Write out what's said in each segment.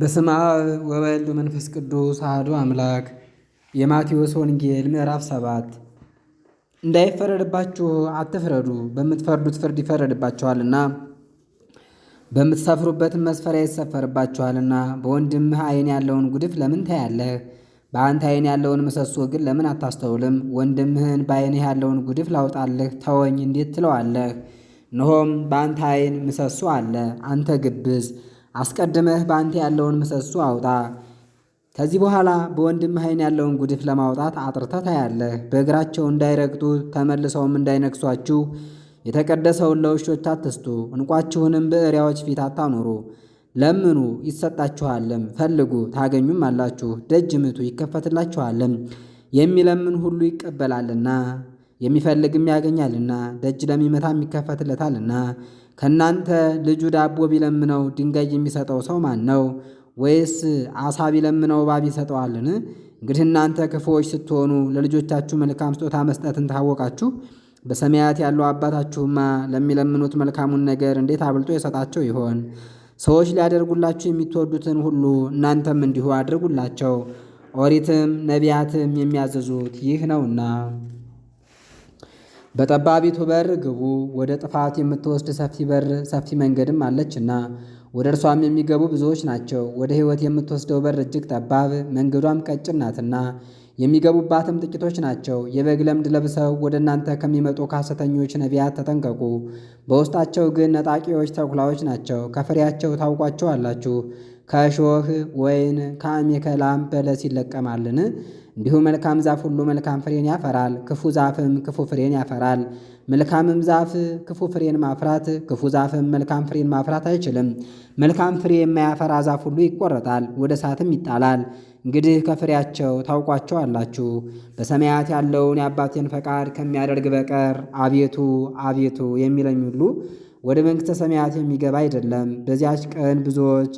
በስመ አብ ወወልድ መንፈስ ቅዱስ አሐዱ አምላክ። የማቴዎስ ወንጌል ምዕራፍ ሰባት እንዳይፈረድባችሁ አትፍረዱ፣ በምትፈርዱት ፍርድ ይፈረድባችኋልና፣ በምትሰፍሩበትም መስፈሪያ ይሰፈርባችኋልና። በወንድምህ ዓይን ያለውን ጉድፍ ለምን ታያለህ? በአንተ ዓይን ያለውን ምሰሶ ግን ለምን አታስተውልም? ወንድምህን በዓይንህ ያለውን ጉድፍ ላውጣልህ ተወኝ እንዴት ትለዋለህ? እነሆም በአንተ ዓይን ምሰሶ አለ፣ አንተ ግብዝ አስቀድመህ በአንተ ያለውን ምሰሶ አውጣ። ከዚህ በኋላ በወንድምህ ዓይን ያለውን ጉድፍ ለማውጣት አጥርተህ ታያለህ። በእግራቸው እንዳይረግጡ ተመልሰውም እንዳይነክሷችሁ የተቀደሰውን ለውሾች አትስጡ። እንቋችሁንም በእሪያዎች ፊት አታኖሩ። ለምኑ ይሰጣችኋልም፣ ፈልጉ ታገኙም አላችሁ። ደጅ ምቱ ይከፈትላችኋልም። የሚለምን ሁሉ ይቀበላልና፣ የሚፈልግም ያገኛልና፣ ደጅ ለሚመታም ይከፈትለታልና። ከእናንተ ልጁ ዳቦ ቢለምነው ድንጋይ የሚሰጠው ሰው ማን ነው? ወይስ አሳ ቢለምነው እባብ ይሰጠዋልን? እንግዲህ እናንተ ክፉዎች ስትሆኑ ለልጆቻችሁ መልካም ስጦታ መስጠትን ታወቃችሁ፣ በሰማያት ያለው አባታችሁማ ለሚለምኑት መልካሙን ነገር እንዴት አብልጦ የሰጣቸው ይሆን? ሰዎች ሊያደርጉላችሁ የሚትወዱትን ሁሉ እናንተም እንዲሁ አድርጉላቸው፣ ኦሪትም ነቢያትም የሚያዘዙት ይህ ነውና። በጠባቢቱ በር ግቡ፣ ወደ ጥፋት የምትወስድ ሰፊ በር ሰፊ መንገድም አለችና ወደ እርሷም የሚገቡ ብዙዎች ናቸው። ወደ ሕይወት የምትወስደው በር እጅግ ጠባብ፣ መንገዷም ቀጭን ናትና የሚገቡባትም ጥቂቶች ናቸው። የበግ ለምድ ለብሰው ወደ እናንተ ከሚመጡ ከሐሰተኞች ነቢያት ተጠንቀቁ። በውስጣቸው ግን ነጣቂዎች ተኩላዎች ናቸው። ከፍሬያቸው ታውቋቸው አላችሁ? ከሾህ ወይን ከአሜከላም ከላም በለስ ይለቀማልን? እንዲሁ መልካም ዛፍ ሁሉ መልካም ፍሬን ያፈራል፣ ክፉ ዛፍም ክፉ ፍሬን ያፈራል። መልካምም ዛፍ ክፉ ፍሬን ማፍራት፣ ክፉ ዛፍም መልካም ፍሬን ማፍራት አይችልም። መልካም ፍሬ የማያፈራ ዛፍ ሁሉ ይቆረጣል፣ ወደ እሳትም ይጣላል። እንግዲህ ከፍሬያቸው ታውቋቸው አላችሁ በሰማያት ያለውን የአባቴን ፈቃድ ከሚያደርግ በቀር አቤቱ አቤቱ የሚለኝ ሁሉ ወደ መንግሥተ ሰማያት የሚገባ አይደለም። በዚያች ቀን ብዙዎች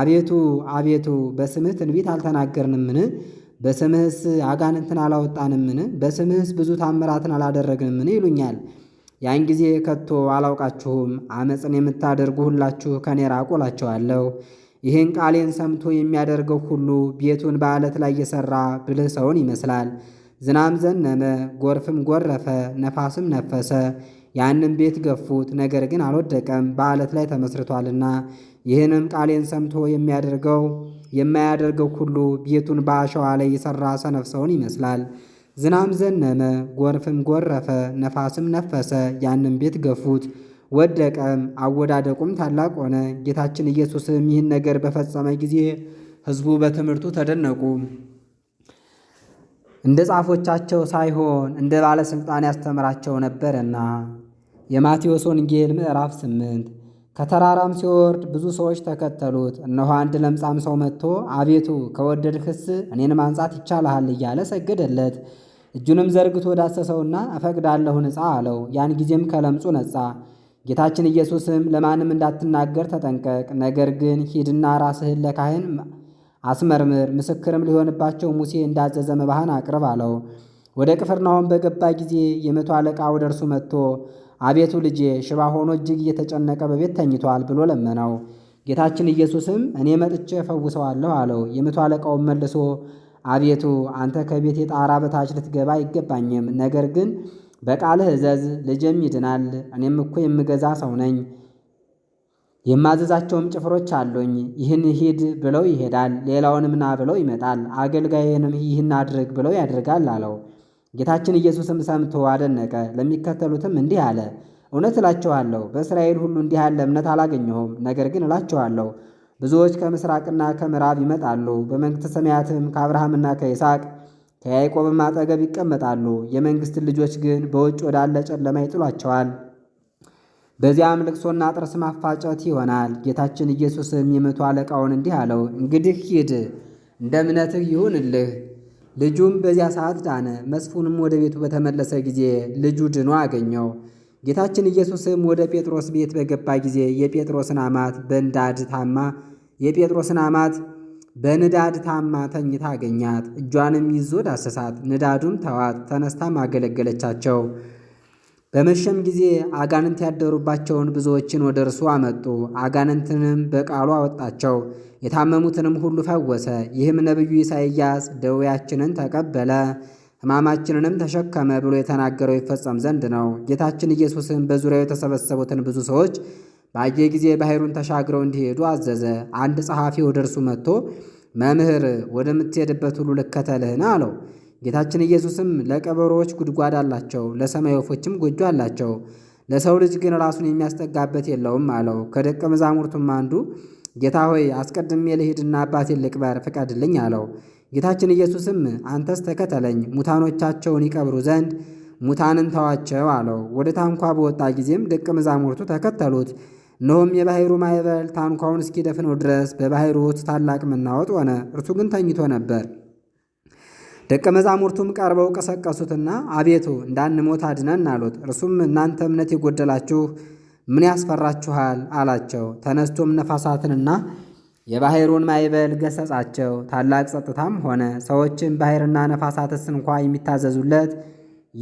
አቤቱ አቤቱ በስምህ ትንቢት አልተናገርንምን? በስምህስ አጋንንትን አላወጣንምን? በስምህስ ብዙ ታምራትን አላደረግንምን? ይሉኛል። ያን ጊዜ ከቶ አላውቃችሁም፣ አመፅን የምታደርጉ ሁላችሁ ከኔ ራቁ እላቸዋለሁ። ይህን ቃሌን ሰምቶ የሚያደርገው ሁሉ ቤቱን በዓለት ላይ የሠራ ብልህ ሰውን ይመስላል። ዝናም ዘነመ፣ ጎርፍም ጎረፈ፣ ነፋስም ነፈሰ፣ ያንም ቤት ገፉት፣ ነገር ግን አልወደቀም፣ በዓለት ላይ ተመስርቷልና። ይህንም ቃሌን ሰምቶ የሚያደርገው የማያደርገው ሁሉ ቤቱን በአሸዋ ላይ የሠራ ሰነፍ ሰውን ይመስላል። ዝናም ዘነመ፣ ጎርፍም ጎረፈ፣ ነፋስም ነፈሰ፣ ያንም ቤት ገፉት፣ ወደቀም። አወዳደቁም ታላቅ ሆነ። ጌታችን ኢየሱስም ይህን ነገር በፈጸመ ጊዜ ሕዝቡ በትምህርቱ ተደነቁ። እንደ ጻፎቻቸው ሳይሆን እንደ ባለሥልጣን ያስተምራቸው ነበርና። የማቴዎስ ወንጌል ምዕራፍ ስምንት ከተራራም ሲወርድ ብዙ ሰዎች ተከተሉት። እነሆ አንድ ለምጻም ሰው መጥቶ አቤቱ ከወደድክስ እኔን ማንጻት ይቻልሃል እያለ ሰገደለት። እጁንም ዘርግቶ ዳሰሰውና እፈቅዳለሁ ንጻ አለው። ያን ጊዜም ከለምጹ ነጻ። ጌታችን ኢየሱስም ለማንም እንዳትናገር ተጠንቀቅ፣ ነገር ግን ሂድና ራስህን ለካህን አስመርምር፣ ምስክርም ሊሆንባቸው ሙሴ እንዳዘዘ መባህን አቅርብ አለው። ወደ ቅፍርናሆም በገባ ጊዜ የመቶ አለቃ ወደ እርሱ መጥቶ አቤቱ ልጄ ሽባ ሆኖ እጅግ እየተጨነቀ በቤት ተኝቷል ብሎ ለመነው። ጌታችን ኢየሱስም እኔ መጥቼ እፈውሰዋለሁ አለው። የመቶ አለቃውም መልሶ አቤቱ አንተ ከቤት የጣራ በታች ልትገባ አይገባኝም፣ ነገር ግን በቃልህ እዘዝ፣ ልጄም ይድናል። እኔም እኮ የምገዛ ሰው ነኝ የማዘዛቸውም ጭፍሮች አሉኝ። ይህን ሂድ ብለው ይሄዳል፣ ሌላውንም ና ብለው ይመጣል፣ አገልጋይንም ይህን አድርግ ብለው ያደርጋል አለው። ጌታችን ኢየሱስም ሰምቶ አደነቀ፣ ለሚከተሉትም እንዲህ አለ። እውነት እላችኋለሁ በእስራኤል ሁሉ እንዲህ ያለ እምነት አላገኘሁም። ነገር ግን እላችኋለሁ ብዙዎች ከምስራቅና ከምዕራብ ይመጣሉ፣ በመንግሥተ ሰማያትም ከአብርሃምና ከይስሐቅ ከያዕቆብም አጠገብ ይቀመጣሉ። የመንግሥትን ልጆች ግን በውጭ ወዳለ ጨለማ ይጥሏቸዋል። በዚያም ልቅሶና ጥርስ ማፋጨት ይሆናል። ጌታችን ኢየሱስም የመቶ አለቃውን እንዲህ አለው፣ እንግዲህ ሂድ፣ እንደ እምነትህ ይሁንልህ። ልጁም በዚያ ሰዓት ዳነ። መስፉንም ወደ ቤቱ በተመለሰ ጊዜ ልጁ ድኖ አገኘው። ጌታችን ኢየሱስም ወደ ጴጥሮስ ቤት በገባ ጊዜ የጴጥሮስን አማት በንዳድ ታማ የጴጥሮስን አማት በንዳድ ታማ ተኝታ አገኛት። እጇንም ይዞ ዳሰሳት፣ ንዳዱም ተዋት። ተነስታም አገለገለቻቸው። በመሸም ጊዜ አጋንንት ያደሩባቸውን ብዙዎችን ወደ እርሱ አመጡ። አጋንንትንም በቃሉ አወጣቸው፣ የታመሙትንም ሁሉ ፈወሰ። ይህም ነቢዩ ኢሳይያስ ደዌያችንን ተቀበለ ሕማማችንንም ተሸከመ ብሎ የተናገረው ይፈጸም ዘንድ ነው። ጌታችን ኢየሱስም በዙሪያው የተሰበሰቡትን ብዙ ሰዎች ባየ ጊዜ ባሕሩን ተሻግረው እንዲሄዱ አዘዘ። አንድ ጸሐፊ ወደ እርሱ መጥቶ መምህር፣ ወደምትሄድበት ሁሉ ልከተልህን አለው። ጌታችን ኢየሱስም ለቀበሮዎች ጉድጓድ አላቸው፣ ለሰማይ ወፎችም ጎጆ አላቸው፣ ለሰው ልጅ ግን ራሱን የሚያስጠጋበት የለውም አለው። ከደቀ መዛሙርቱም አንዱ ጌታ ሆይ አስቀድሜ ልሂድና አባቴን ልቅበር ፍቀድልኝ አለው። ጌታችን ኢየሱስም አንተስ ተከተለኝ፣ ሙታኖቻቸውን ይቀብሩ ዘንድ ሙታንን ተዋቸው አለው። ወደ ታንኳ በወጣ ጊዜም ደቀ መዛሙርቱ ተከተሉት። እነሆም የባሕሩ ማዕበል ታንኳውን እስኪደፍነው ድረስ በባሕሩ ውስጥ ታላቅ መናወጥ ሆነ። እርሱ ግን ተኝቶ ነበር። ደቀ መዛሙርቱም ቀርበው ቀሰቀሱትና አቤቱ እንዳንሞት አድነን አሉት። እርሱም እናንተ እምነት የጎደላችሁ ምን ያስፈራችኋል? አላቸው። ተነስቶም ነፋሳትንና የባሕሩን ማዕበል ገሰጻቸው፣ ታላቅ ጸጥታም ሆነ። ሰዎችም ባሕርና ነፋሳትስ እንኳ የሚታዘዙለት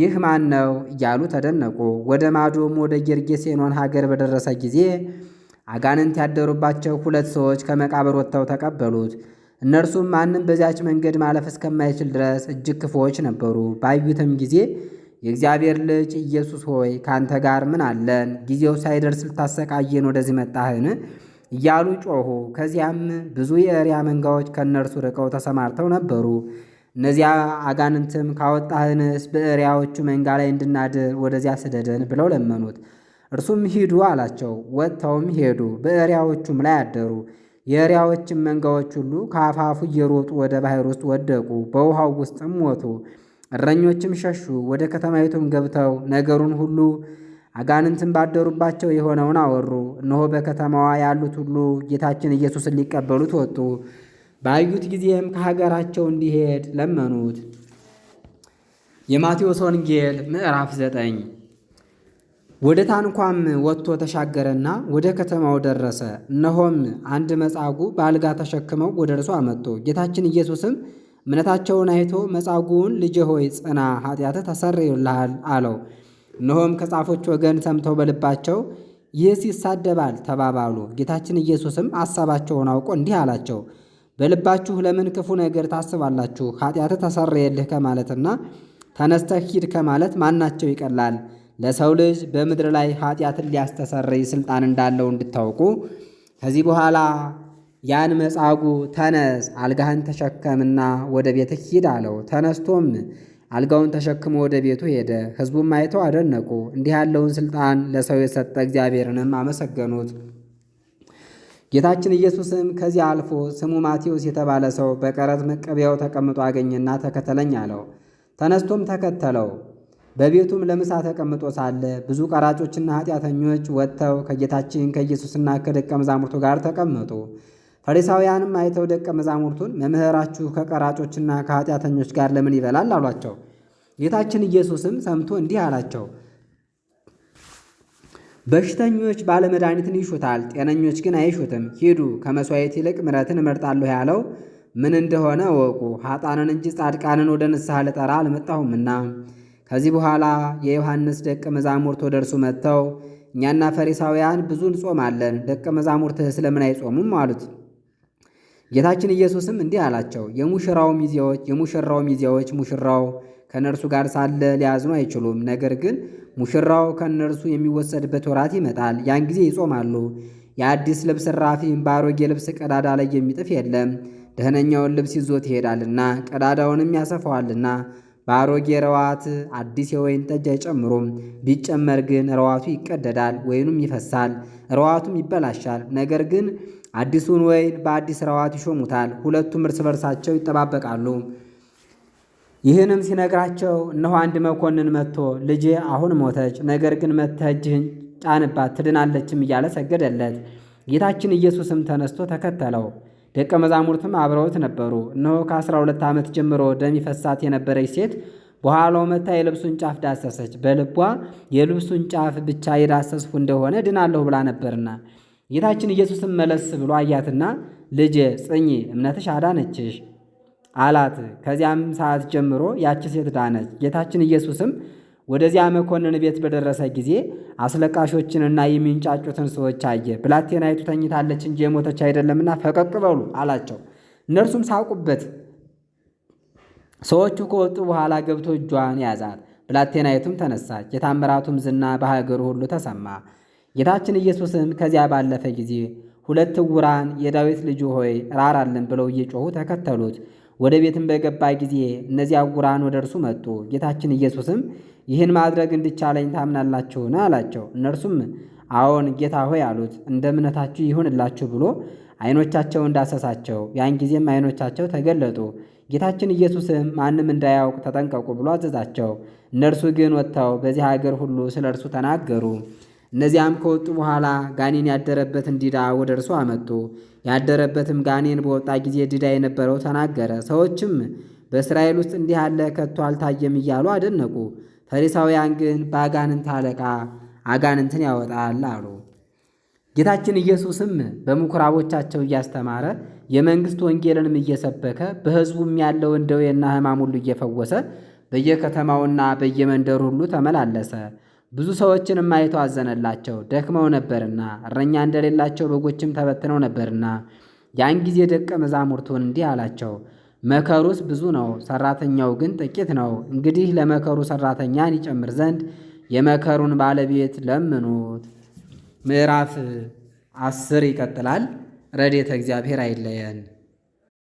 ይህ ማን ነው? እያሉ ተደነቁ። ወደ ማዶም ወደ ጌርጌሴኖን ሀገር በደረሰ ጊዜ አጋንንት ያደሩባቸው ሁለት ሰዎች ከመቃብር ወጥተው ተቀበሉት። እነርሱም ማንም በዚያች መንገድ ማለፍ እስከማይችል ድረስ እጅግ ክፉዎች ነበሩ። ባዩትም ጊዜ የእግዚአብሔር ልጅ ኢየሱስ ሆይ ከአንተ ጋር ምን አለን? ጊዜው ሳይደርስ ልታሰቃየን ወደዚህ መጣህን? እያሉ ጮኹ። ከዚያም ብዙ የእሪያ መንጋዎች ከእነርሱ ርቀው ተሰማርተው ነበሩ። እነዚያ አጋንንትም ካወጣህንስ በእሪያዎቹ መንጋ ላይ እንድናድር ወደዚያ ስደደን ብለው ለመኑት። እርሱም ሂዱ አላቸው። ወጥተውም ሄዱ፣ በእሪያዎቹም ላይ አደሩ። የእሪያዎችም መንጋዎች ሁሉ ከአፋፉ እየሮጡ ወደ ባህር ውስጥ ወደቁ፣ በውሃው ውስጥም ሞቱ። እረኞችም ሸሹ፣ ወደ ከተማይቱም ገብተው ነገሩን ሁሉ አጋንንትን ባደሩባቸው የሆነውን አወሩ። እነሆ በከተማዋ ያሉት ሁሉ ጌታችን ኢየሱስን ሊቀበሉት ወጡ። ባዩት ጊዜም ከሀገራቸው እንዲሄድ ለመኑት። የማቴዎስ ወንጌል ምዕራፍ ዘጠኝ ወደ ታንኳም ወጥቶ ተሻገረና ወደ ከተማው ደረሰ። እነሆም አንድ መጻጉዕ በአልጋ ተሸክመው ወደ እርሱ አመጡ። ጌታችን ኢየሱስም እምነታቸውን አይቶ መጻጉዕን ልጄ ሆይ ጽና፣ ኃጢአትህ ተሰርዮልሃል አለው። እነሆም ከጻፎች ወገን ሰምተው በልባቸው ይህስ ይሳደባል ተባባሉ። ጌታችን ኢየሱስም አሳባቸውን አውቆ እንዲህ አላቸው፣ በልባችሁ ለምን ክፉ ነገር ታስባላችሁ? ኃጢአትህ ተሰርየልህ ከማለትና ተነስተህ ሂድ ከማለት ማናቸው ይቀላል? ለሰው ልጅ በምድር ላይ ኃጢአትን ሊያስተሰርይ ስልጣን እንዳለው እንድታውቁ ከዚህ በኋላ ያን መጻጉ ተነስ አልጋህን ተሸከምና ወደ ቤት ሂድ አለው። ተነስቶም አልጋውን ተሸክሞ ወደ ቤቱ ሄደ። ሕዝቡም አይተው አደነቁ። እንዲህ ያለውን ስልጣን ለሰው የሰጠ እግዚአብሔርንም አመሰገኑት። ጌታችን ኢየሱስም ከዚህ አልፎ ስሙ ማቴዎስ የተባለ ሰው በቀረጥ መቀበያው ተቀምጦ አገኘና ተከተለኝ አለው። ተነስቶም ተከተለው። በቤቱም ለምሳ ተቀምጦ ሳለ ብዙ ቀራጮችና ኃጢአተኞች ወጥተው ከጌታችን ከኢየሱስና ከደቀ መዛሙርቱ ጋር ተቀመጡ። ፈሪሳውያንም አይተው ደቀ መዛሙርቱን መምህራችሁ ከቀራጮችና ከኃጢአተኞች ጋር ለምን ይበላል? አሏቸው። ጌታችን ኢየሱስም ሰምቶ እንዲህ አላቸው፣ በሽተኞች ባለመድኃኒትን ይሹታል፣ ጤነኞች ግን አይሹትም። ሂዱ፣ ከመሥዋዕት ይልቅ ምረትን እመርጣለሁ ያለው ምን እንደሆነ እወቁ። ኃጥአንን እንጂ ጻድቃንን ወደ ንስሐ ልጠራ አልመጣሁምና ከዚህ በኋላ የዮሐንስ ደቀ መዛሙርት ወደ እርሱ መጥተው እኛና ፈሪሳውያን ብዙ እንጾማለን፣ ደቀ መዛሙርትህ ስለምን አይጾሙም አሉት። ጌታችን ኢየሱስም እንዲህ አላቸው፣ የሙሽራው ሚዜዎች የሙሽራው ሚዜዎች ሙሽራው ከነርሱ ጋር ሳለ ሊያዝኑ አይችሉም። ነገር ግን ሙሽራው ከነርሱ የሚወሰድበት ወራት ይመጣል፣ ያን ጊዜ ይጾማሉ። የአዲስ ልብስ ራፊ በአሮጌ ልብስ ቀዳዳ ላይ የሚጥፍ የለም፣ ደህነኛውን ልብስ ይዞት ይሄዳልና ቀዳዳውንም ያሰፋዋልና በአሮጌ ረዋት አዲስ የወይን ጠጅ አይጨምሩም። ቢጨመር ግን ረዋቱ ይቀደዳል፣ ወይኑም ይፈሳል፣ ረዋቱም ይበላሻል። ነገር ግን አዲሱን ወይን በአዲስ ረዋት ይሾሙታል። ሁለቱም እርስ በርሳቸው ይጠባበቃሉ። ይህንም ሲነግራቸው እነሆ አንድ መኮንን መጥቶ ልጄ አሁን ሞተች፣ ነገር ግን መጥተህ እጅህን ጫንባት ትድናለችም እያለ ሰገደለት። ጌታችን ኢየሱስም ተነስቶ ተከተለው። ደቀ መዛሙርትም አብረውት ነበሩ። እነሆ ከአስራ ሁለት ዓመት ጀምሮ ደም ይፈሳት የነበረች ሴት በኋላው መታ የልብሱን ጫፍ ዳሰሰች። በልቧ የልብሱን ጫፍ ብቻ የዳሰስሁ እንደሆነ ድናለሁ ብላ ነበርና ጌታችን ኢየሱስም መለስ ብሎ አያትና ልጄ ጽኚ እምነትሽ አዳነችሽ አላት። ከዚያም ሰዓት ጀምሮ ያቺ ሴት ዳነች። ጌታችን ኢየሱስም ወደዚያ መኮንን ቤት በደረሰ ጊዜ አስለቃሾችንና የሚንጫጩትን ሰዎች አየ። ብላቴናይቱ ተኝታለች እንጂ የሞተች አይደለምና ፈቀቅ በሉ አላቸው። እነርሱም ሳቁበት። ሰዎቹ ከወጡ በኋላ ገብቶ እጇን ያዛት። ብላቴናይቱም ተነሳች። የታምራቱም ዝና በሀገሩ ሁሉ ተሰማ። ጌታችን ኢየሱስም ከዚያ ባለፈ ጊዜ ሁለት ዕውራን የዳዊት ልጁ ሆይ ራራልን ብለው እየጮኹ ተከተሉት። ወደ ቤትም በገባ ጊዜ እነዚያ ዕውራን ወደ እርሱ መጡ። ጌታችን ኢየሱስም ይህን ማድረግ እንዲቻለኝ ታምናላችሁን? አላቸው። እነርሱም አዎን ጌታ ሆይ አሉት። እንደ እምነታችሁ ይሁንላችሁ ብሎ ዓይኖቻቸው እንዳሰሳቸው፣ ያን ጊዜም ዓይኖቻቸው ተገለጡ። ጌታችን ኢየሱስም ማንም እንዳያውቅ ተጠንቀቁ ብሎ አዘዛቸው። እነርሱ ግን ወጥተው በዚህ አገር ሁሉ ስለ እርሱ ተናገሩ። እነዚያም ከወጡ በኋላ ጋኔን ያደረበትን ዲዳ ወደ እርሱ አመጡ። ያደረበትም ጋኔን በወጣ ጊዜ ዲዳ የነበረው ተናገረ። ሰዎችም በእስራኤል ውስጥ እንዲህ ያለ ከቶ አልታየም እያሉ አደነቁ። ፈሪሳውያን ግን በአጋንንት አለቃ አጋንንትን ያወጣል አሉ። ጌታችን ኢየሱስም በምኩራቦቻቸው እያስተማረ የመንግሥት ወንጌልንም እየሰበከ በሕዝቡም ያለውን ደዌና ሕማም ሁሉ እየፈወሰ በየከተማውና በየመንደሩ ሁሉ ተመላለሰ። ብዙ ሰዎችንም አይቶ አዘነላቸው፣ ደክመው ነበርና እረኛ እንደሌላቸው በጎችም ተበትነው ነበርና። ያን ጊዜ ደቀ መዛሙርቱን እንዲህ አላቸው መከሩስ ብዙ ነው፣ ሰራተኛው ግን ጥቂት ነው። እንግዲህ ለመከሩ ሰራተኛን ይጨምር ዘንድ የመከሩን ባለቤት ለምኑት። ምዕራፍ አስር ይቀጥላል። ረድኤተ እግዚአብሔር አይለየን።